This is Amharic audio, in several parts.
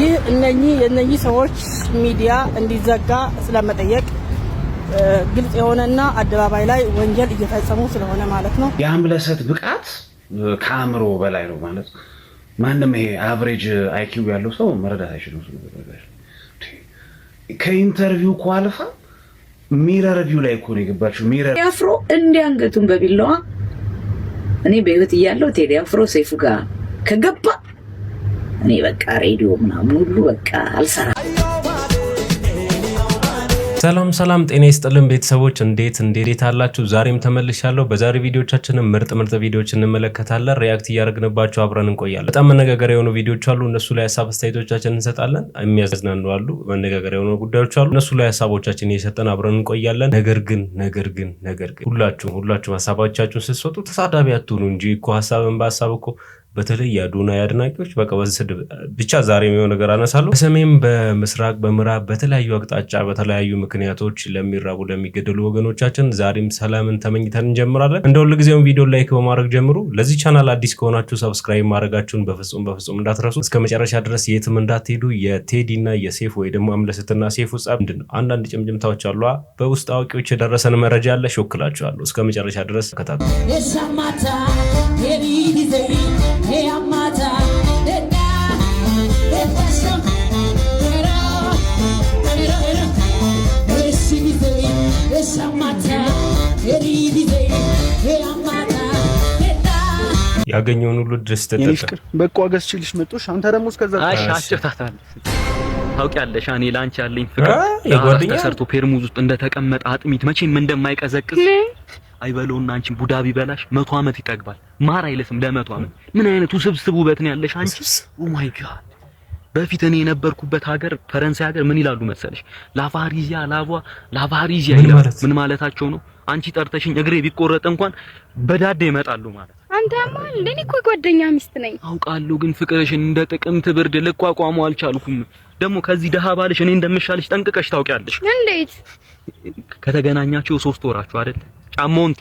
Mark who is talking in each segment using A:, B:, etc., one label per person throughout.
A: ይህ እነኚህ የእነኚህ ሰዎች ሚዲያ እንዲዘጋ ስለመጠየቅ ግልጽ የሆነና አደባባይ ላይ ወንጀል እየፈጸሙ ስለሆነ ማለት ነው።
B: የአምለሰት ብቃት ከአእምሮ በላይ ነው ማለት ማንም ይሄ አቨሬጅ አይኪው ያለው ሰው መረዳት አይችልም። ከኢንተርቪው እኮ አልፋ ሚረር ቪው ላይ እኮ ነው የገባችው። ሚረር
C: አፍሮ እንዲህ አንገቱን በቢላዋ እኔ በህይወት እያለሁ ቴዲ አፍሮ ሰይፉ ጋር ከገባ እኔ በቃ ሬዲዮ ምናምን ሁሉ በቃ አልሰራ
D: ሰላም ሰላም፣ ጤና ይስጥልን ቤተሰቦች፣ እንዴት እንዴት አላችሁ? ዛሬም ተመልሻለሁ። በዛሬ ቪዲዮቻችንም ምርጥ ምርጥ ቪዲዮዎች እንመለከታለን፣ ሪያክት እያደረግንባቸው አብረን እንቆያለን። በጣም መነጋገሪያ የሆኑ ቪዲዮዎች አሉ፣ እነሱ ላይ ሀሳብ አስተያየቶቻችን እንሰጣለን። የሚያዝናኑ አሉ፣ መነጋገሪያ የሆኑ ጉዳዮች አሉ፣ እነሱ ላይ ሀሳቦቻችን እየሰጠን አብረን እንቆያለን። ነገር ግን ነገር ግን ነገር ግን ሁላችሁም ሁላችሁም ሀሳባቻችሁን ስትሰጡ ተሳዳቢ አትሆኑ እንጂ እኮ ሀሳብን በሀሳብ እኮ በተለይ የአዶናይ አድናቂዎች በቃ በስድብ ብቻ ዛሬ የሚሆን ነገር አነሳለሁ። በሰሜን በምስራቅ በምዕራብ በተለያዩ አቅጣጫ በተለያዩ ምክንያቶች ለሚራቡ ለሚገደሉ ወገኖቻችን ዛሬም ሰላምን ተመኝተን እንጀምራለን። እንደ ሁል ቪዲዮ ላይክ በማድረግ ጀምሩ። ለዚህ ቻናል አዲስ ከሆናችሁ ሰብስክራይብ ማድረጋችሁን በፍጹም በፍጹም እንዳትረሱ። እስከ መጨረሻ ድረስ የትም እንዳትሄዱ። የቴዲ እና የሴፍ ወይ ደግሞ አምለስትና ሴፍ ውጻ ምንድን ነው? አንዳንድ ጭምጭምታዎች አሏ። በውስጥ አዋቂዎች የደረሰን መረጃ ያለ ሾክላችኋለሁ። እስከ መጨረሻ ድረስ ከታተሉ ያገኘውን ሁሉ ድረስ ተጠጣ።
E: በቃ አገዝቼልሽ መጥቶሽ አንተ ደግሞ እስከዛ
F: ታውቂያለሽ፣ እኔ ላንቺ ያለኝ ፍቅር ተሰርቶ ፔርሙዝ ውስጥ እንደተቀመጠ አጥሚት መቼም እንደማይቀዘቅዝ አይበለውና አንቺ ቡዳ ቢበላሽ መቶ ዓመት ይጠግባል። ማር አይለስም ለመቶ ዓመት። ምን አይነት ውስብስብ ውበት ነው ያለሽ አንቺ! ኦ ማይ ጋድ በፊት እኔ የነበርኩበት ሀገር ፈረንሳይ ሀገር ምን ይላሉ መሰለሽ? ላቫሪዚያ ላቧ ላቫሪዚያ ይላሉ። ምን ማለታቸው ነው? አንቺ ጠርተሽኝ እግሬ ቢቆረጥ እንኳን በዳዴ ይመጣሉ ማለት።
G: አንተማ እንደኔ እኮ ጓደኛ ሚስት ነኝ
F: አውቃለሁ፣ ግን ፍቅርሽን እንደ ጥቅምት ብርድ ልቋቋመው አልቻልኩም። ደግሞ ከዚህ ደሃ ባልሽ እኔ እንደምሻልሽ ጠንቅቀሽ ታውቂያለሽ። እንዴት ከተገናኛችሁ ሶስት ወራችሁ አይደል? ጫማውን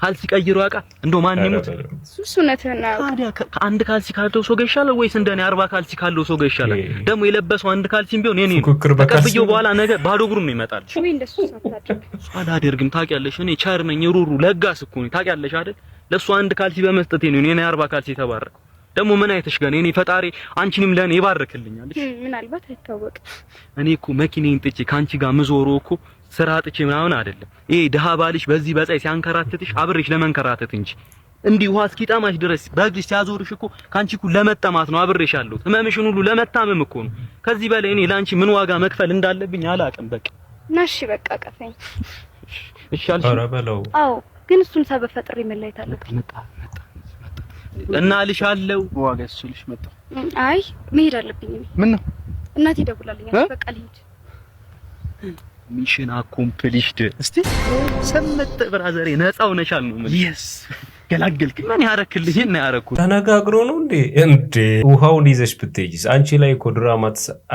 F: ካልሲ ቀይሮ ያውቃል? እንደው ማን ይሙት እሱ ነተና ታዲያ ከአንድ ካልሲ ካለው ሰው ጋር ይሻላል ወይስ እንደኔ አርባ ካልሲ ካለው ሰው ጋር ይሻላል? ደግሞ የለበሰው አንድ ካልሲም ቢሆን እኔ ነኝ ተቀብዬው በኋላ ነገ ባዶ እግሩም ይመጣል።
G: ወይ እንደሱ ሳታደርግ
F: አላደርግም። ታውቂያለሽ፣ እኔ ቸር ነኝ፣ ሩሩ ለጋስ እኮ ነኝ። ታውቂያለሽ አይደል? ለእሱ አንድ ካልሲ በመስጠቴ ነው የኔ አርባ ካልሲ የተባረከ። ደግሞ ምን አይተሽ ገና እኔ ፈጣሪ አንቺንም ለኔ ይባርክልኛል። ምናልባት አይታወቅም። እኔ እኮ መኪናዬን ጥቼ ከአንቺ ጋር ምዞሮ እኮ ስራ አጥቼ ምናምን አይደለም። ይሄ ድሃ ባልሽ በዚህ በፀይ ሲያንከራትትሽ አብሬሽ ለመንከራተት እንጂ እንዲህ ውሃ እስኪጠማሽ ድረስ በእግርሽ ሲያዞርሽ እኮ ካንቺ እኮ ለመጠማት ነው አብሬሽ አለሁት። ህመምሽን ሁሉ ለመታመም እኮ ነው። ከዚህ በላይ እኔ ላንቺ ምን ዋጋ መክፈል እንዳለብኝ አላውቅም። በቃ
G: እና በቃ ቀፈኝ።
F: እሺ አልሽ? ኧረ
H: በለው።
G: አዎ፣ ግን እሱን ሰበብ ፈጥሬ መለየት አለብኝ። መጣ መጣ
F: እና አለው
H: ዋጋ እሱልሽ መጣ።
G: አይ መሄድ አለብኝ። ምን ነው እናቴ ደውላለች። በቃ ልሂድ
F: ሚሽን አኮምፕሊሽድ። እስቲ ሰመጠ ብራዘሬ ነፃው ነሻል ነው ማለት ይስ ገላገልክ። ምን ያረክልህ እና ያረኩ
D: ተነጋግሮ ነው እንዴ እንዴ ውሃውን ይዘሽ ብትይጂስ አንቺ ላይ እኮ ድራማ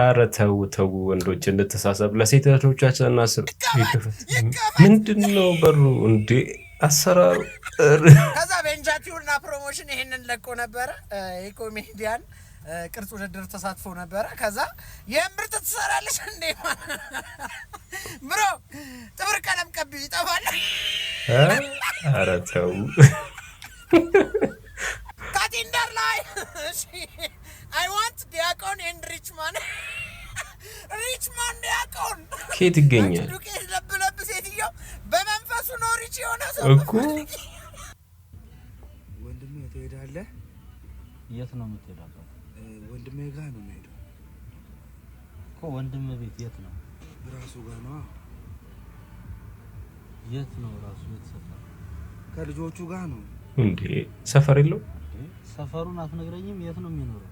D: ኧረ ተው ተው ወንዶች እንተሳሰብ ለሴት እህቶቻችን እናስብ። ምንድን ነው በሩ እንዴ አሰራሩ
I: ከዛ ቤንጃቲውና ፕሮሞሽን ይሄንን ለቆ ነበረ ኢኮሜዲያን ቅርጽ ውድድር ተሳትፎ ነበረ። ከዛ የምርት ትሰራለች እንዴ ብሮ ጥብር ቀለም ቀቢ ይጠፋል። ኧረ ተው ካቴንደር ላይ አይ ዋንት ዲያቆን ኤንድ ሪችማን ሪችማን ዲያቆን
D: ኬት ይገኛል።
I: ዱቄት ለብለብ ሴትዮው በመንፈሱ ነው ሪች የሆነ ሰው
D: እኮ
J: ወንድሜ ትሄዳለህ።
K: የት ነው የምትሄደው?
J: ወንድሜ ጋር ነው የምሄደው
K: እኮ። ወንድም ቤት የት ነው? ራሱ ጋር ነዋ። የት ነው ራሱ? የት ሰፈር?
J: ከልጆቹ ጋር ነው
D: እንዴ? ሰፈር የለው።
K: ሰፈሩን አትነግረኝም? የት ነው የሚኖረው?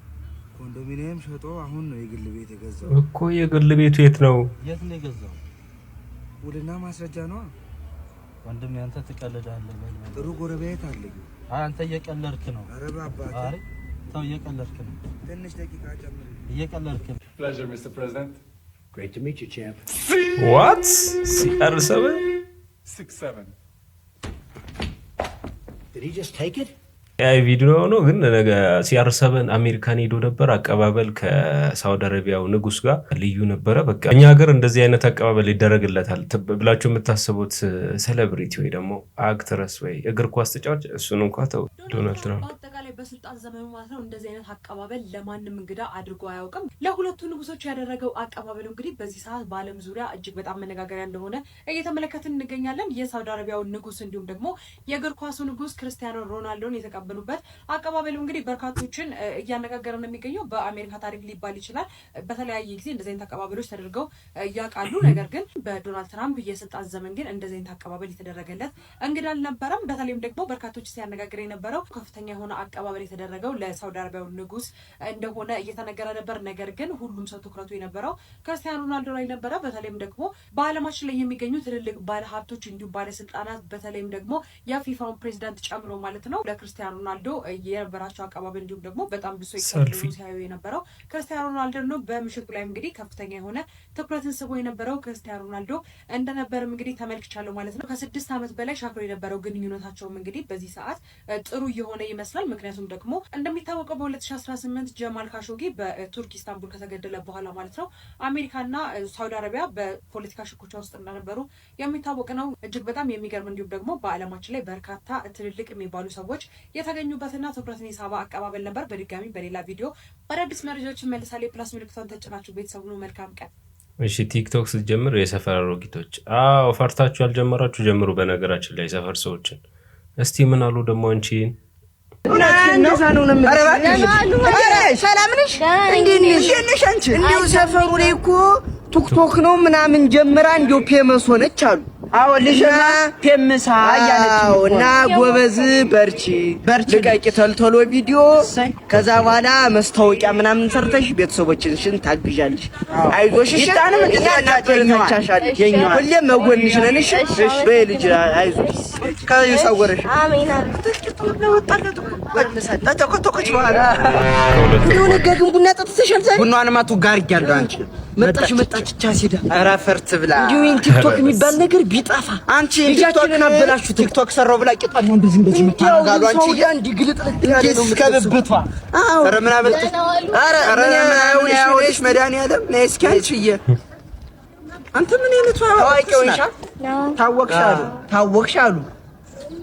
J: ኮንዶሚኒየም ሸጦ አሁን ነው የግል ቤት የገዛው
D: እኮ። የግል ቤቱ የት ነው?
K: የት ነው የገዛው?
J: ውልና ማስረጃ ነዋ።
K: ወንድም ያንተ ትቀልዳለህ።
J: ጥሩ ጎረቤት አለኝ።
K: አንተ እየቀለድክ ነው።
J: ኧረ በአባትህ
K: ተው፣ እየቀለድክ ነው።
J: ትንሽ ደቂቃ ጨምር።
K: እየቀለድክ ነው።
L: ሚስተር
D: ያይ ቪዲዮ ነው ግን ነገ ሲአር ሰበን አሜሪካን ሄዶ ነበር። አቀባበል ከሳውዲ አረቢያው ንጉስ ጋር ልዩ ነበረ። በቃ እኛ ሀገር እንደዚህ አይነት አቀባበል ይደረግለታል ብላችሁ የምታስቡት ሴሌብሪቲ ወይ ደግሞ አክትረስ ወይ እግር ኳስ ተጫዋች እሱን እንኳ ተው ዶናልድ ትራምፕ
A: በስልጣን ዘመኑ ማለት ነው እንደዚህ አይነት አቀባበል ለማንም እንግዳ አድርጎ አያውቅም። ለሁለቱ ንጉሶች ያደረገው አቀባበሉ እንግዲህ በዚህ ሰዓት በዓለም ዙሪያ እጅግ በጣም መነጋገሪያ እንደሆነ እየተመለከትን እንገኛለን። የሳውዲ አረቢያው ንጉስ እንዲሁም ደግሞ የእግር ኳሱ ንጉስ ክርስቲያኖ ሮናልዶን የተቀበሉበት አቀባበሉ እንግዲህ በርካቶችን እያነጋገረ ነው የሚገኘው። በአሜሪካ ታሪክ ሊባል ይችላል። በተለያየ ጊዜ እንደዚህ አይነት አቀባበሎች ተደርገው ያውቃሉ። ነገር ግን በዶናልድ ትራምፕ የስልጣን ዘመን ግን እንደዚህ አይነት አቀባበል የተደረገለት እንግዳ አልነበረም። በተለይም ደግሞ በርካቶች ሲያነጋግር የነበረው ከፍተኛ የሆነ አቀባ አቀባበል የተደረገው ለሳውዲ አረቢያው ንጉስ እንደሆነ እየተነገረ ነበር። ነገር ግን ሁሉም ሰው ትኩረቱ የነበረው ክርስቲያኖ ሮናልዶ ላይ ነበረ። በተለይም ደግሞ በዓለማችን ላይ የሚገኙ ትልልቅ ባለሀብቶች እንዲሁም ባለስልጣናት በተለይም ደግሞ የፊፋውን ፕሬዚዳንት ጨምሮ ማለት ነው ለክርስቲያኖ ሮናልዶ የነበራቸው አቀባበል እንዲሁም ደግሞ በጣም ብሶ ሲያዩ የነበረው ክርስቲያኖ ሮናልዶ ነው። በምሽቱ ላይ እንግዲህ ከፍተኛ የሆነ ትኩረትን ስቦ የነበረው ክርስቲያኖ ሮናልዶ እንደነበርም እንግዲህ ተመልክቻለሁ ማለት ነው። ከስድስት ዓመት በላይ ሻክሮ የነበረው ግንኙነታቸውም እንግዲህ በዚህ ሰዓት ጥሩ እየሆነ ይመስላል ምክንያቱ ምክንያቱም ደግሞ እንደሚታወቀው በ2018 ጀማል ካሾጊ በቱርክ ኢስታንቡል ከተገደለ በኋላ ማለት ነው አሜሪካና ሳውዲ አረቢያ በፖለቲካ ሽኩቻ ውስጥ እንደነበሩ የሚታወቅ ነው። እጅግ በጣም የሚገርም እንዲሁም ደግሞ በዓለማችን ላይ በርካታ ትልልቅ የሚባሉ ሰዎች የተገኙበትና ትኩረትን የሳባ አቀባበል ነበር። በድጋሚ በሌላ ቪዲዮ በአዳዲስ መረጃዎች መልሳሌ ፕላስ ምልክቷን ተጭናችሁ ቤተሰብ ነው። መልካም ቀን።
D: እሺ ቲክቶክ ስትጀምር የሰፈር አሮጊቶች፣ አዎ ፈርታችሁ ያልጀመራችሁ ጀምሩ። በነገራችን ላይ የሰፈር ሰዎችን እስቲ ምን አሉ ደግሞ አንቺን
I: ቱክቶክ ነው ምናምን ጀምራ እንዲሁ ፔመስ ሆነች አሉ አዎ ልጅና ፔምሳ እና ጎበዝ በርቺ በርቺ ልቀቂ ተልቶሎ ቪዲዮ ከዛ በኋላ መስታወቂያ ምናምን ሰርተሽ ቤተሰቦችሽን ታግዣለሽ። አይዞሽ እሺ። ታንም የኛ ሁሌ መጎንሽ ነን። እሺ በይ ልጅ አይዞሽ። ከዚህ ሰወረሽ አሜን። ቡና ጠጥተሻል ዛሬ? ቡናንማ ቱ ጋር ያለው አንቺ መጣሽ መጣች ቻሲዳ ኧረ ፈርት ብላ እንዲሁ ቲክቶክ የሚባል ነገር ቢጠፋ አንቺ ልጃችንን አበላችሁ። ቲክቶክ ሰራው ብላ ቂጣን ነው እንደዚህ እንደዚህ የምታረጋሉ። አንቺ ያን ዲግልጥ ልትያለሽ ከብብቷ። አዎ፣ ኧረ ምን አበልጥ። ኧረ ምን ያውልሽ መድኃኒዓለም ነይ እስኪ አንቺዬ። አንተ ምን አይነቱ ታዋቂውንሻ ታወቅሻሉ፣ ታወቅሻሉ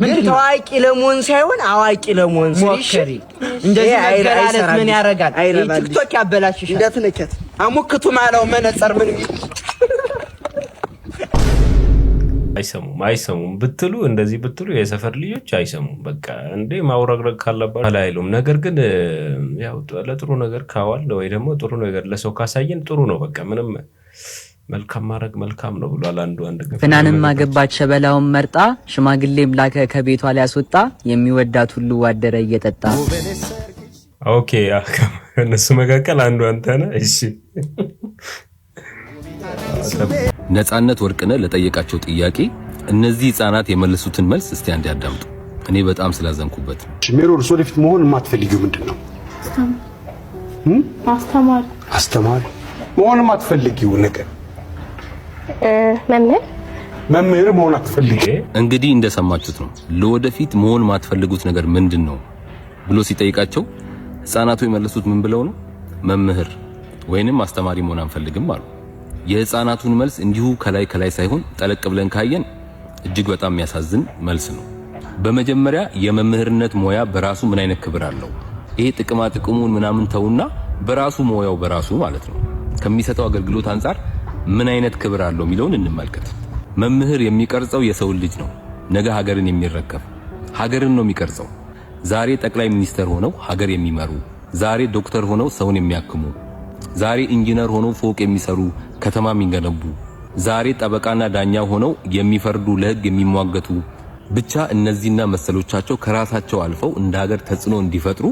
I: ምን ታዋቂ ለመሆን ሳይሆን አዋቂ ለመሆን ሞክሪ። እንደዚህ ነገር አለት ምን ያረጋል? ቲክቶክ ያበላሽሻል። እንደት ነከት አሞክቱ ማለው መነጸር ምን
D: አይሰሙም አይሰሙም ብትሉ እንደዚህ ብትሉ የሰፈር ልጆች አይሰሙም። በቃ እንዴ ማውረግረግ ካለባቸው አላይሉም። ነገር ግን ያው ለጥሩ ነገር ካዋል ወይ ደግሞ ጥሩ ነገር ለሰው ካሳየን ጥሩ ነው። በቃ ምንም መልካም ማድረግ መልካም ነው ብሏል አንዱ አንድ
M: ፍናንም አገባች ሸበላውን መርጣ ሽማግሌም ላከ ከቤቷ ሊያስወጣ የሚወዳት ሁሉ ዋደረ እየጠጣ።
D: ኦኬ እነሱ መካከል አንዱ አንተ ነህ። እሺ
N: ነጻነት ወርቅነ ለጠየቃቸው ጥያቄ እነዚህ ህጻናት የመለሱትን መልስ እስቲ አንድ ያዳምጡ። እኔ በጣም ስላዘንኩበት።
O: ሽሜሮ እርሶ ወደፊት መሆን የማትፈልጊው ምንድን ነው? አስተማሪ አስተማሪ መሆን የማትፈልጊው ነገር መምህር መምህር መሆን አትፈልጊ።
N: እንግዲህ እንደሰማችሁት ነው። ለወደፊት መሆን የማትፈልጉት ነገር ምንድን ነው ብሎ ሲጠይቃቸው ህጻናቱ የመለሱት ምን ብለው ነው? መምህር ወይንም አስተማሪ መሆን አንፈልግም አሉ። የህፃናቱን መልስ እንዲሁ ከላይ ከላይ ሳይሆን ጠለቅ ብለን ካየን እጅግ በጣም የሚያሳዝን መልስ ነው። በመጀመሪያ የመምህርነት ሙያ በራሱ ምን አይነት ክብር አለው? ይሄ ጥቅማ ጥቅሙን ምናምን ተውና በራሱ ሙያው በራሱ ማለት ነው ከሚሰጠው አገልግሎት አንጻር ምን አይነት ክብር አለው የሚለውን እንመልከት። መምህር የሚቀርጸው የሰውን ልጅ ነው። ነገ ሀገርን የሚረከብ ሀገርን ነው የሚቀርጸው። ዛሬ ጠቅላይ ሚኒስተር ሆነው ሀገር የሚመሩ ዛሬ ዶክተር ሆነው ሰውን የሚያክሙ ዛሬ ኢንጂነር ሆነው ፎቅ የሚሰሩ ከተማ የሚገነቡ ዛሬ ጠበቃና ዳኛ ሆነው የሚፈርዱ ለህግ የሚሟገቱ ብቻ እነዚህና መሰሎቻቸው ከራሳቸው አልፈው እንደ ሀገር ተጽዕኖ እንዲፈጥሩ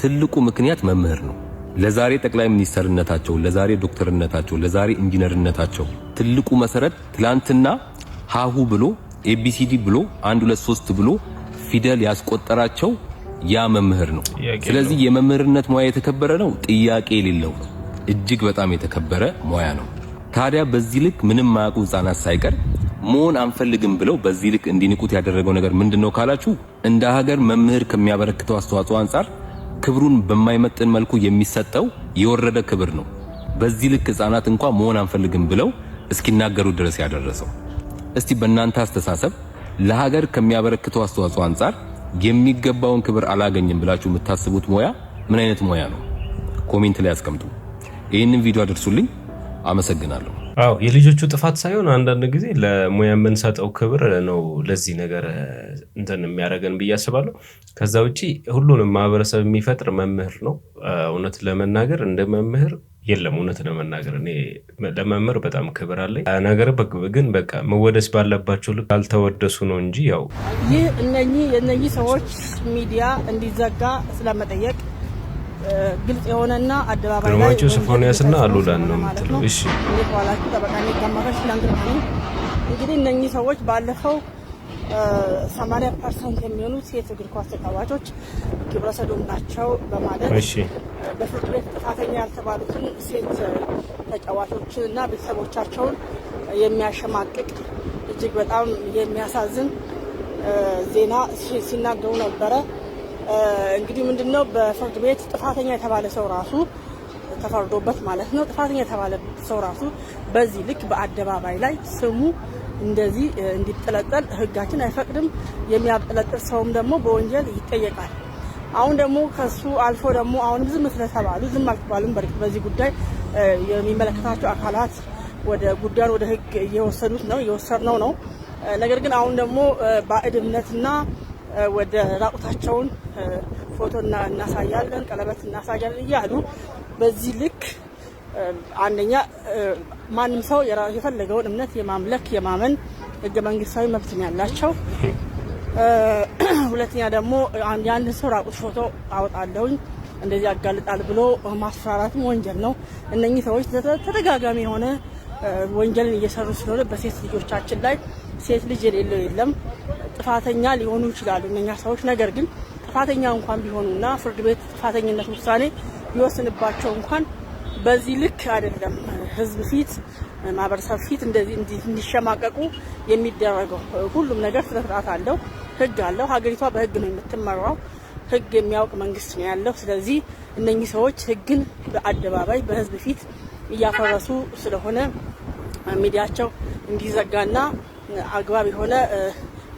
N: ትልቁ ምክንያት መምህር ነው። ለዛሬ ጠቅላይ ሚኒስተርነታቸው፣ ለዛሬ ዶክተርነታቸው፣ ለዛሬ ኢንጂነርነታቸው ትልቁ መሰረት ትላንትና ሃሁ ብሎ ኤቢሲዲ ብሎ አንድ ሁለት ሶስት ብሎ ፊደል ያስቆጠራቸው ያ መምህር ነው። ስለዚህ የመምህርነት ሙያ የተከበረ ነው፣ ጥያቄ የሌለው ነው። እጅግ በጣም የተከበረ ሙያ ነው። ታዲያ በዚህ ልክ ምንም ማያውቁ ህፃናት ሳይቀር መሆን አንፈልግም ብለው በዚህ ልክ እንዲንቁት ያደረገው ነገር ምንድን ነው ካላችሁ እንደ ሀገር መምህር ከሚያበረክተው አስተዋጽኦ አንጻር ክብሩን በማይመጥን መልኩ የሚሰጠው የወረደ ክብር ነው። በዚህ ልክ ህፃናት እንኳ መሆን አንፈልግም ብለው እስኪናገሩ ድረስ ያደረሰው። እስቲ በእናንተ አስተሳሰብ ለሀገር ከሚያበረክተው አስተዋጽኦ አንጻር የሚገባውን ክብር አላገኝም ብላችሁ የምታስቡት ሙያ ምን አይነት ሙያ ነው? ኮሜንት ላይ አስቀምጡ። ይህንን ቪዲዮ አድርሱልኝ። አመሰግናለሁ።
D: አዎ የልጆቹ ጥፋት ሳይሆን አንዳንድ ጊዜ ለሙያ የምንሰጠው ክብር ነው ለዚህ ነገር እንትን የሚያደርገን ብዬ አስባለሁ። ከዛ ውጭ ሁሉንም ማህበረሰብ የሚፈጥር መምህር ነው። እውነት ለመናገር እንደ መምህር የለም። እውነት ለመናገር እኔ ለመምህር በጣም ክብር አለኝ። ነገር ግን በቃ መወደስ ባለባቸው ልክ አልተወደሱ ነው እንጂ ያው
A: ይህ እነኚህ የእነኚህ ሰዎች ሚዲያ እንዲዘጋ ስለመጠየቅ ግልጽ የሆነና አደባባይ ላይ
D: ግርማቸው ሶፎንያስና አሉላን ነው የምትለው። እሺ
A: እንዴት ዋላችሁ? ተማረሽ ከማረሽ እንግዲህ እነኚህ ሰዎች ባለፈው 80 ፐርሰንት የሚሆኑት ሴት እግር ኳስ ተጫዋቾች ግብረሰዶም ናቸው በማለት በፍርድ ቤት ጥፋተኛ ያልተባሉትን ሴት እና ቤተሰቦቻቸውን የሚያሸማቅቅ እጅግ በጣም የሚያሳዝን ዜና ሲናገሩ ነበረ። እንግዲህ ምንድነው በፍርድ ቤት ጥፋተኛ የተባለ ሰው ራሱ ተፈርዶበት ማለት ነው። ጥፋተኛ የተባለ ሰው ራሱ በዚህ ልክ በአደባባይ ላይ ስሙ እንደዚህ እንዲጠለጠል ህጋችን አይፈቅድም። የሚያጠለጥል ሰውም ደግሞ በወንጀል ይጠየቃል። አሁን ደግሞ ከሱ አልፎ ደግሞ አሁንም ዝም ስለተባሉ ዝም አልተባሉም። በርግጥ በዚህ ጉዳይ የሚመለከታቸው አካላት ወደ ጉዳዩን ወደ ህግ እየወሰዱት ነው እየወሰድነው ነው። ነገር ግን አሁን ደግሞ ባዕድ እምነትና ወደ ራቁታቸውን ፎቶ እናሳያለን፣ ቀለበት እናሳያለን እያሉ በዚህ ልክ አንደኛ ማንም ሰው የፈለገውን እምነት የማምለክ የማመን ህገ መንግስታዊ መብት ነው ያላቸው። ሁለተኛ ደግሞ የአንድ ሰው ራቁት ፎቶ አወጣለሁኝ እንደዚህ ያጋልጣል ብሎ ማስፈራራትም ወንጀል ነው። እነኚህ ሰዎች ተደጋጋሚ የሆነ ወንጀልን እየሰሩ ስለሆነ በሴት ልጆቻችን ላይ ሴት ልጅ የሌለው የለም። ጥፋተኛ ሊሆኑ ይችላሉ እነኛ ሰዎች። ነገር ግን ጥፋተኛ እንኳን ቢሆኑና ፍርድ ቤት ጥፋተኝነት ውሳኔ ቢወስንባቸው እንኳን በዚህ ልክ አይደለም ህዝብ ፊት ማህበረሰብ ፊት እንደዚህ እንዲሸማቀቁ የሚደረገው። ሁሉም ነገር ስርዓት አለው፣ ህግ አለው። ሀገሪቷ በህግ ነው የምትመራው። ህግ የሚያውቅ መንግስት ነው ያለው። ስለዚህ እነኚህ ሰዎች ህግን በአደባባይ በህዝብ ፊት እያፈረሱ ስለሆነ ሚዲያቸው እንዲዘጋና አግባብ የሆነ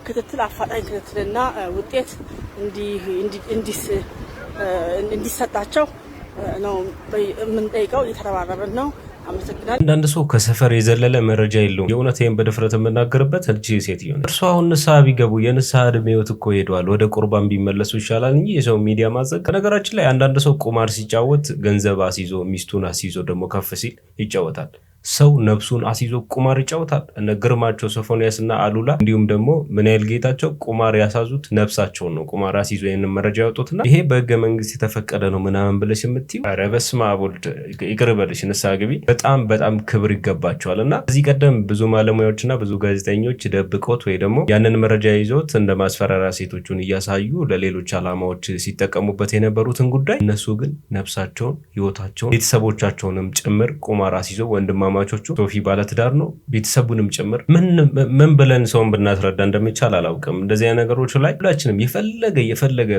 A: ክትትል አፋጣኝ ክትትልና ውጤት እንዲሰጣቸው ነው የምንጠይቀው። እየተረባረብን ነው።
N: አንዳንድ ሰው ከሰፈር የዘለለ መረጃ የለውም። የእውነት ይህን በድፍረት የምናገርበት እጅ ሴትዮ እርሱ አሁን ንስሐ ቢገቡ የንስሐ እድሜዎት እኮ ሄደዋል። ወደ ቁርባን ቢመለሱ ይሻላል እንጂ የሰው ሚዲያ ማዘግ። ከነገራችን ላይ አንዳንድ ሰው ቁማር ሲጫወት ገንዘብ አስይዞ ሚስቱን አስይዞ ደግሞ ከፍ ሲል ይጫወታል። ሰው ነፍሱን አስይዞ ቁማር ይጫወታል። እነ ግርማቸው ሶፎንያስ እና አሉላ እንዲሁም ደግሞ ምን ያህል ጌታቸው ቁማር ያሳዙት ነፍሳቸውን ነው ቁማር አስይዞ ይህንን መረጃ ያወጡትና ይሄ በህገ መንግስት የተፈቀደ ነው ምናምን ብለሽ የምትይው ኧረ በስመ አብ ወልድ ይቅር በልሽ ንሳ ግቢ። በጣም በጣም ክብር ይገባቸዋል። እና ከዚህ ቀደም ብዙ ባለሙያዎች እና ብዙ ጋዜጠኞች ደብቆት ወይ ደግሞ ያንን መረጃ ይዘውት እንደ ማስፈራሪያ ሴቶቹን እያሳዩ ለሌሎች አላማዎች ሲጠቀሙበት የነበሩትን ጉዳይ እነሱ ግን ነፍሳቸውን ህይወታቸውን ቤተሰቦቻቸውንም ጭምር ቁማር አስይዞ ወንድማ ወንድማማቾቹ ሶፊ ባለትዳር ነው፣ ቤተሰቡንም ጭምር ምን ብለን ሰውን ብናስረዳ እንደሚቻል አላውቅም። እንደዚህ አይነት ነገሮች ላይ ሁላችንም የፈለገ የፈለገ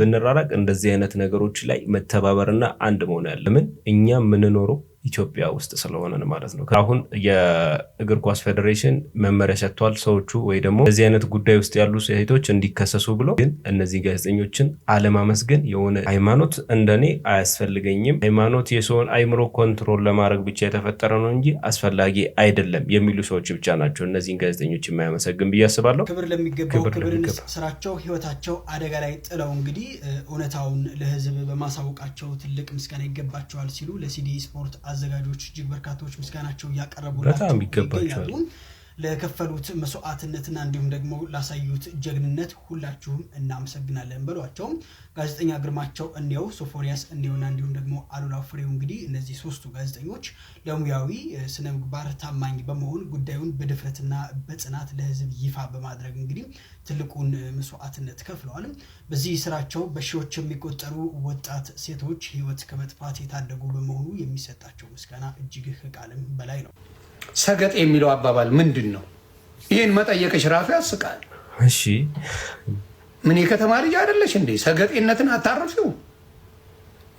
N: ብንራራቅ እንደዚህ አይነት ነገሮች ላይ መተባበርና አንድ መሆን ያለምን እኛ የምንኖረው ኢትዮጵያ ውስጥ ስለሆነን ማለት ነው። አሁን የእግር ኳስ ፌዴሬሽን መመሪያ ሰጥቷል። ሰዎቹ ወይ ደግሞ በዚህ አይነት ጉዳይ ውስጥ ያሉ ሴቶች እንዲከሰሱ ብሎ ግን እነዚህ ጋዜጠኞችን አለማመስገን የሆነ ሃይማኖት እንደኔ አያስፈልገኝም፣ ሃይማኖት የሰውን አይምሮ ኮንትሮል ለማድረግ ብቻ የተፈጠረ ነው እንጂ አስፈላጊ አይደለም የሚሉ ሰዎች ብቻ ናቸው እነዚህን ጋዜጠኞች የማያመሰግን ብዬ አስባለሁ።
P: ክብር ለሚገባው ክብርን ስራቸው፣ ህይወታቸው አደጋ ላይ ጥለው እንግዲህ እውነታውን ለህዝብ በማሳወቃቸው ትልቅ ምስጋና ይገባቸዋል ሲሉ ለሲዲ ስፖርት አዘጋጆች እጅግ በርካታዎች ምስጋናቸው እያቀረቡ በጣም ይገባቸዋል። ለከፈሉት መስዋዕትነትና እንዲሁም ደግሞ ላሳዩት ጀግንነት ሁላችሁም እናመሰግናለን ብሏቸውም ጋዜጠኛ ግርማቸው እንየው፣ ሶፎንያስ እንየውና እንዲሁም ደግሞ አሉላ ፍሬው እንግዲህ እነዚህ ሶስቱ ጋዜጠኞች ለሙያዊ ስነ ምግባር ታማኝ በመሆን ጉዳዩን በድፍረትና በጽናት ለህዝብ ይፋ በማድረግ እንግዲህ ትልቁን መስዋዕትነት ከፍለዋል። በዚህ ስራቸው በሺዎች የሚቆጠሩ ወጣት ሴቶች ህይወት ከመጥፋት የታደጉ በመሆኑ የሚሰጣቸው ምስጋና እጅግ ከቃልም በላይ ነው።
Q: ሰገጥ የሚለው አባባል ምንድን ነው? ይህን መጠየቅሽ ራሱ ያስቃል። እሺ ምን የከተማ ልጅ አይደለሽ እንዴ? ሰገጤነትን አታርፊው።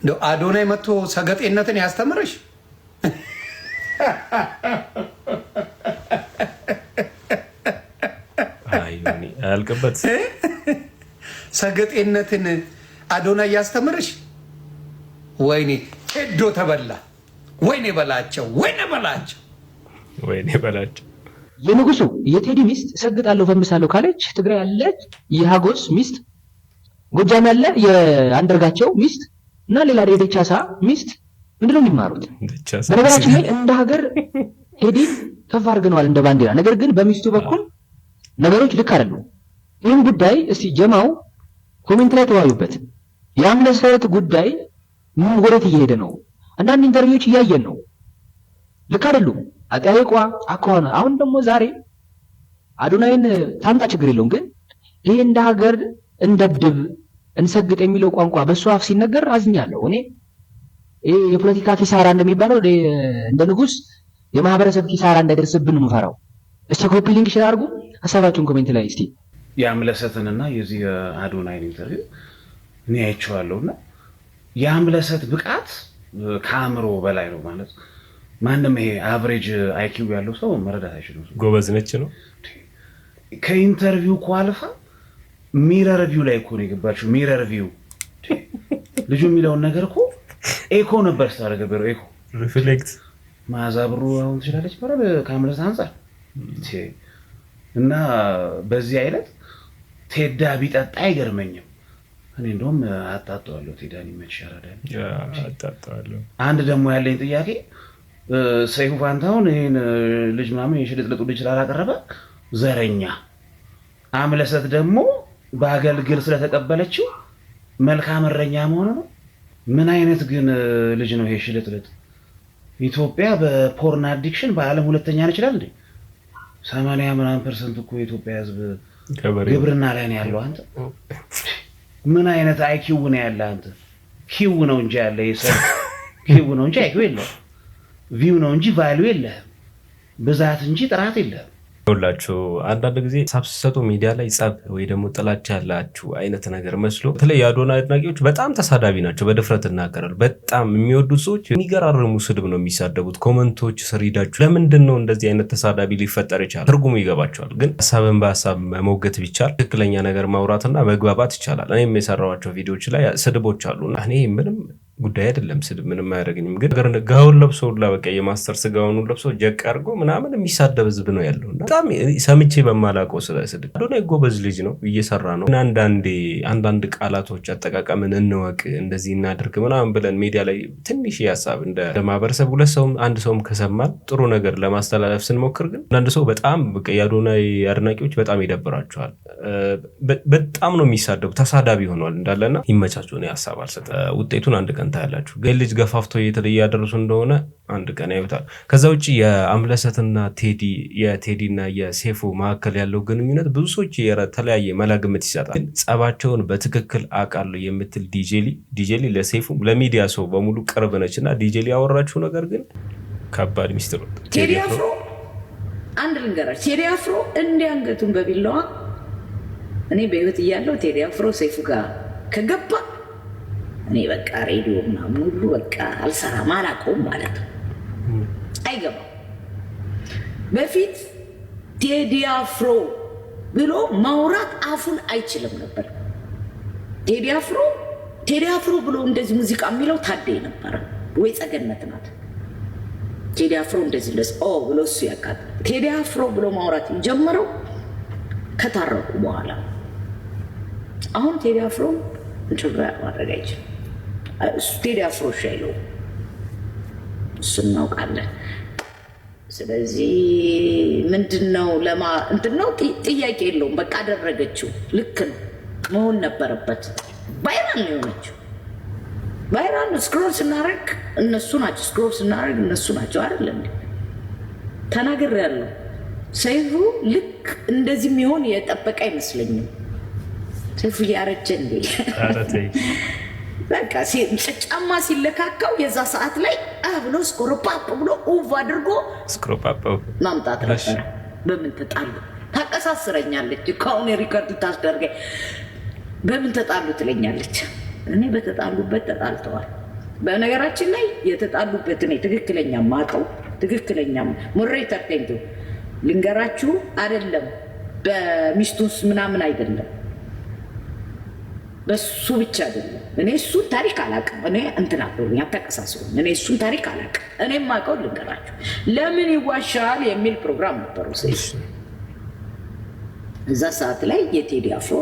Q: እንደ አዶናይ መጥቶ ሰገጤነትን ያስተምርሽ። አልቅበት ሰገጤነትን አዶናይ ያስተምርሽ። ወይኔ ሄዶ ተበላ። ወይኔ በላቸው፣ ወይኔ በላቸው
D: ወይኔ በላቸው።
R: የንጉሱ የቴዲ ሚስት እሰግጣለሁ ፈምሳለሁ ካለች ትግራይ ያለ የሀጎስ ሚስት፣ ጎጃም ያለ የአንደርጋቸው ሚስት እና ሌላ የደቻሳ ሚስት ምንድነው የሚማሩት? በነገራችን ላይ እንደ ሀገር ቴዲ ከፍ አድርገነዋል እንደ ባንዲራ። ነገር ግን በሚስቱ በኩል ነገሮች ልክ አይደሉም። ይህም ጉዳይ እስቲ ጀማው ኮሜንት ላይ ተወያዩበት። የአምለሰት ጉዳይ ምን ወዴት እየሄደ ነው? አንዳንድ ኢንተርቪዎች እያየን ነው። ልክ አይደሉም። አጠያይቋ አኳኋና አሁን ደግሞ ዛሬ አዶናይን ታምጣ ችግር የለውም ግን ይሄ እንደ ሀገር እንደብድብ እንሰግጥ የሚለው ቋንቋ በእሱ አፍ ሲነገር አዝኛለሁ እኔ ይሄ የፖለቲካ ኪሳራ እንደሚባለው እንደ ንጉስ የማህበረሰብ ኪሳራ እንዳይደርስብን ምፈራው እስቲ ኮፒ ሊንክ ሽር አድርጉ ሀሳባችሁን ኮሜንት ላይ እስቲ
Q: የአምለሰትንና የዚህ የአዶናይን ኢንተርቪው እኔ አይቼዋለሁ እና የአምለሰት ብቃት ከአእምሮ በላይ ነው ማለት ነው። ማንም ይሄ አቨሬጅ አይኪው ያለው ሰው መረዳት አይችልም።
D: ጎበዝ ነች ነው
Q: ከኢንተርቪው እኮ አልፋ ሚረር ቪው ላይ እኮ ነው የገባችው። ሚረር ቪው ልጁ የሚለውን ነገር እኮ ኤኮ ነበር ስታደርገው ኤኮ ሪፍሌክት ማዛ ብሩ አሁን ትችላለች ይባላል ከአምለሰት አንጻር እና በዚህ አይነት ቴዳ ቢጠጣ አይገርመኝም። እኔ እንደውም አጣጠዋለሁ። ቴዳን ይመችሽ፣ አራዳ
D: አጣጠዋለሁ።
Q: አንድ ደግሞ ያለኝ ጥያቄ ሰይፉ ፋንታሁን ይህን ልጅ ምናምን የሽልጥልጡ ልጅ ስላላቀረበ ዘረኛ፣ አምለሰት ደግሞ በአገልግል ስለተቀበለችው መልካም እረኛ መሆኑ ነው። ምን አይነት ግን ልጅ ነው ይሄ ሽልጥልጥ? ኢትዮጵያ በፖርን አዲክሽን በዓለም ሁለተኛ ነው ይችላል እንዴ? ሰማንያ ምናምን ፐርሰንት እኮ የኢትዮጵያ ሕዝብ ግብርና ላይ ነው ያለው። አንተ ምን አይነት አይኪው ነው ያለ አንተ? ኪው ነው እንጂ ያለ ኪው ነው እንጂ አይኪው የለው። ቪው ነው እንጂ ቫሉ የለህም፣ ብዛት እንጂ ጥራት የለህም።
D: ሁላችሁ አንዳንድ ጊዜ ሳብ ስትሰጡ ሚዲያ ላይ ጸብ ወይ ደግሞ ጥላቻ ያላችሁ አይነት ነገር መስሎ በተለይ የአዶና አድናቂዎች በጣም ተሳዳቢ ናቸው። በድፍረት እናገራሉ። በጣም የሚወዱት ሰዎች የሚገራርሙ ስድብ ነው የሚሳደቡት። ኮመንቶች ስር ሂዳችሁ ለምንድን ነው እንደዚህ አይነት ተሳዳቢ ሊፈጠር ይቻላል? ትርጉሙ ይገባቸዋል። ግን ሀሳብን በሀሳብ መሞገት ቢቻል ትክክለኛ ነገር ማውራትና መግባባት ይቻላል። እኔም የሰራኋቸው ቪዲዮዎች ላይ ስድቦች አሉ። እኔ ምንም ጉዳይ አይደለም። ስድብ ምንም አያደርገኝም። ግን ነገር ጋውን ለብሶ ሁላ በቃ የማስተር ጋውኑ ለብሶ ጀቅ አድርጎ ምናምን የሚሳደብ ህዝብ ነው ያለው። በጣም ሰምቼ በማላውቀው ስለ ስድብ አዶናይ ጎበዝ ልጅ ነው፣ እየሰራ ነው። አንዳንዴ አንዳንድ ቃላቶች አጠቃቀምን እንወቅ፣ እንደዚህ እናድርግ ምናምን ብለን ሜዲያ ላይ ትንሽ ሀሳብ እንደ ማህበረሰብ ሁለት ሰውም አንድ ሰውም ከሰማል ጥሩ ነገር ለማስተላለፍ ስንሞክር ግን አንዳንድ ሰው በጣም የአዶናይ አድናቂዎች በጣም ይደብራቸዋል። በጣም ነው የሚሳደቡ፣ ተሳዳቢ ሆኗል እንዳለና ይመቻቸውን ሀሳብ አልሰጠ ውጤቱን አንድ ቀን ቀን ታያላችሁ። ግን ልጅ ገፋፍቶ የት ያደረሱ እንደሆነ አንድ ቀን ያዩታል። ከዛ ውጭ የአምለሰትና ቴዲ የቴዲና የሴፉ መካከል ያለው ግንኙነት ብዙ ሰዎች የተለያየ መላ ግምት ይሰጣል። ግን ጸባቸውን በትክክል አውቃለሁ የምትል ዲጄሊ ዲጄሊ ለሴፉ ለሚዲያ ሰው በሙሉ ቅርብ ነች እና ዲጄሊ ያወራችሁ ነገር ግን ከባድ ሚስጥር ነው።
Q: ቴዲ አፍሮ አንድ ልንገራችሁ፣ ቴዲ አፍሮ እንዲያንገቱን በቢለዋ እኔ በህይወት እያለው ቴዲ አፍሮ ሴፉ ጋር ከገባ እኔ በቃ ሬዲዮ ምናምን ሁሉ በቃ አልሰራም አላውቀውም ማለት ነው። አይገባም። በፊት ቴዲ አፍሮ ብሎ ማውራት አፉን አይችልም ነበር። ቴዲ አፍሮ ቴዲ አፍሮ ብሎ እንደዚህ ሙዚቃ የሚለው ታዴ ነበረ ወይ ጸገነት ናት። ቴዲ አፍሮ እንደዚህ ደስ ብሎ እሱ ያቃጥ ቴዲ አፍሮ ብሎ ማውራት የጀመረው ከታረቁ በኋላ። አሁን ቴዲ አፍሮ እንጭራ ማድረግ አይችልም። ስቴድ አፍሮሽ ያለው እሱ እናውቃለን። ስለዚህ ምንድን ነው ለማ እንትን ነው ጥያቄ የለውም። በቃ አደረገችው። ልክ ነው መሆን ነበረበት። ቫይራል ነው የሆነችው። ቫይራል ስክሮል ስናደርግ እነሱ ናቸው፣ ስክሮል ስናደርግ እነሱ ናቸው። አይደል እንዴ? ተናገር ያለው ሰይፉ ልክ እንደዚህ የሚሆን የጠበቀ አይመስለኝም። ሰይፉ እያረጀ እንዴ በቃ ጫማ ሲለካካው የዛ ሰዓት ላይ ብሎ ስኮሮፓፕ ብሎ ውብ አድርጎ ማምጣት ነው። በምን ተጣሉ? ታቀሳስረኛለች። ከአሁን ሪከርድ ታስደርገኝ። በምን ተጣሉ ትለኛለች። እኔ በተጣሉበት ተጣልተዋል። በነገራችን ላይ የተጣሉበት እኔ ትክክለኛ ማቀው ትክክለኛ ሙሬ ተገኝቶ ልንገራችሁ አይደለም በሚስቱስ ምናምን አይደለም በሱ ብቻ አይደለም። እኔ እሱን ታሪክ አላውቅም። እኔ እንትን አብሮኝ አታቀሳስሩኝ። እኔ እሱን ታሪክ አላውቅም። እኔ የማውቀው ልንገራችሁ። ለምን ይዋሻል የሚል ፕሮግራም ነበሩ። እዛ ሰዓት ላይ የቴዲ አፍሮ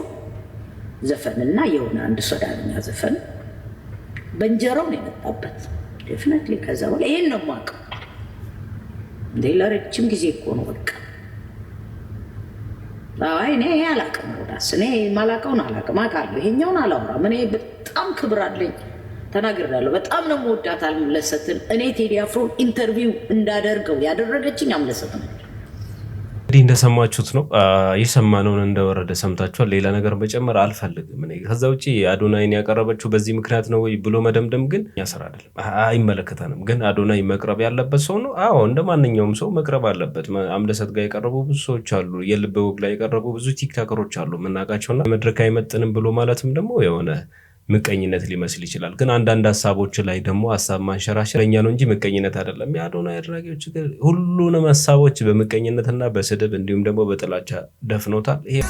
Q: እና የሆነ አንድ ሶዳንኛ ዘፈን በእንጀራው ነው የመጣበት። ዴፍነት ከዛ በኋላ ይህን ነው የማውቀው እንዴ ለረጅም ጊዜ እኮ ነው በቃ አይ እኔ ይሄ አላውቅም፣ ሮዳስ እኔ ማላውቀውን አላውቅም። አውቃለሁ ይሄኛውን አላወራም። እኔ በጣም ክብር አለኝ፣ ተናግሬያለሁ። በጣም ነው የምወዳት አምለሰትን። እኔ ቴዲ አፍሮን ኢንተርቪው እንዳደርገው ያደረገችኝ አምለሰት ነው።
D: እንግዲህ እንደሰማችሁት ነው የሰማነውን እንደወረደ ሰምታችኋል። ሌላ ነገር መጨመር አልፈልግም። ከዛ ውጭ አዶናይን ያቀረበችው በዚህ ምክንያት ነው ወይ ብሎ መደምደም ግን ያስር አይደለም፣ አይመለከተንም። ግን አዶናይ መቅረብ ያለበት ሰው ነው። አዎ እንደ ማንኛውም ሰው መቅረብ አለበት። አምለሰት ጋር የቀረቡ ብዙ ሰዎች አሉ። ወግ ላይ የቀረቡ ብዙ ቲክታከሮች አሉ የምናውቃቸውና መድረክ አይመጥንም ብሎ ማለትም ደግሞ የሆነ ምቀኝነት ሊመስል ይችላል። ግን አንዳንድ ሀሳቦች ላይ ደግሞ ሀሳብ ማንሸራሸር እኛ ነው እንጂ ምቀኝነት አይደለም። የአዶናይ አድናቂዎች ሁሉንም ሀሳቦች በምቀኝነትና በስድብ እንዲሁም ደግሞ በጥላቻ ደፍኖታል። ይሄ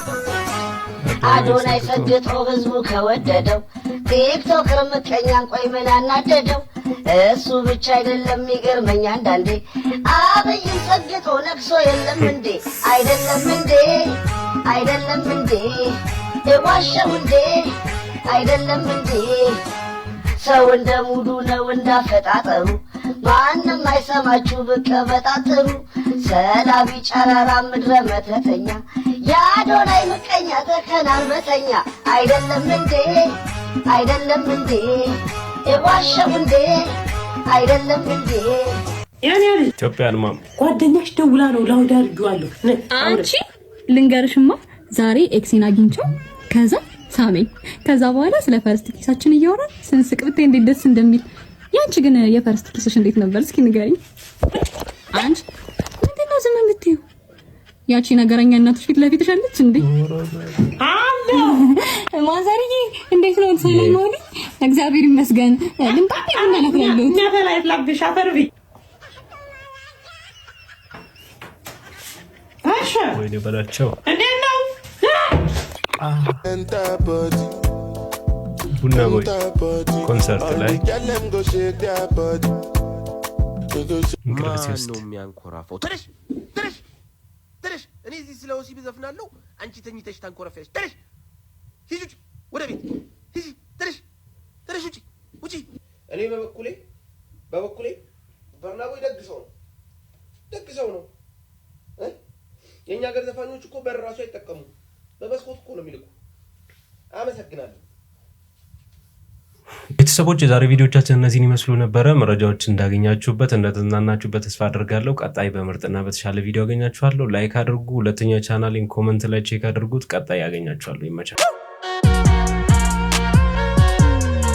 S: አዶናይ ፈግጦ ህዝቡ ከወደደው ቲክቶክር ምቀኛን ቆይ ምን አናደደው? እሱ ብቻ አይደለም ይገርመኛ አንዳንዴ አብይ ፈግጦ ነቅሶ የለም እንዴ አይደለም እንዴ አይደለም እንዴ የዋሸው እንዴ አይደለም እንዴ? ሰው እንደ ሙሉ ነው እንዳፈጣጠሩ። ማንም አይሰማችሁ ብቀበጣጥሩ። ሰላቢ ጨረራ ምድረ መተተኛ የአዶናይ ምቀኛ ተከናንበተኛ አይደለም እንዴ? አይደለም እንዴ? የዋሸው እንዴ? አይደለም እንዴ?
D: ኢትዮጵያ ልማ
Q: ጓደኛሽ ደውላ ነው ላውዳ ልጁ አለሁ
T: አንቺ ልንገርሽማ ዛሬ ኤክሴን አግኝቸው ከዛ ሳመኝ። ከዛ በኋላ ስለ ፈርስት ኪሳችን እያወራን ስንስቅ ብታይ እንዴት ደስ እንደሚል። ያንቺ ግን የፈርስት ኪስሽ እንዴት ነበር? እስኪ ንገሪኝ። አንቺ ምንድን ነው ዝም የምትይው? ያቺ ነገረኛ እናትሽ ፊት ለፊት ሻለች እንዴ? አለ ማዘርዬ፣ እንዴት ነው ሰላም ነው? እግዚአብሔር ይመስገን። ልምጣ ቡና ላፍላለሁ። ነፈላይ ላብሽ አፈርቢ አሻ
D: ወይ ነው
T: እንዴ ቡና
D: ቦይ ኮንሰርት ላይ ማን ነው
U: የሚያንኮራፈው? ትንሽ ትንሽ ትንሽ እኔ እዚህ ስለ ወሲብ ዘፍናለሁ፣ አንቺ ተኝተሽ ታንኮረፊያለሽ። ትንሽ ሂጂ ውጪ፣ ወደ ቤት ሂጂ። ትንሽ ትንሽ ውጪ ውጪ። እኔ በበኩሌ በበኩሌ በርናቦይ ደግ ሰው ነው፣ ደግ ሰው ነው። የእኛ ሀገር ዘፋኞች እኮ በር ራሱ አይጠቀሙም። በመስኮት እኮ ነው የሚልኩ። አመሰግናለሁ።
D: ቤተሰቦች የዛሬ ቪዲዮቻችን እነዚህን ይመስሉ ነበረ። መረጃዎች እንዳገኛችሁበት እንደተዝናናችሁበት ተስፋ አድርጋለሁ። ቀጣይ በምርጥና በተሻለ ቪዲዮ አገኛችኋለሁ። ላይክ አድርጉ። ሁለተኛ ቻናሊን ኮመንት ላይ ቼክ አድርጉት። ቀጣይ ያገኛችኋለሁ። ይመቻል።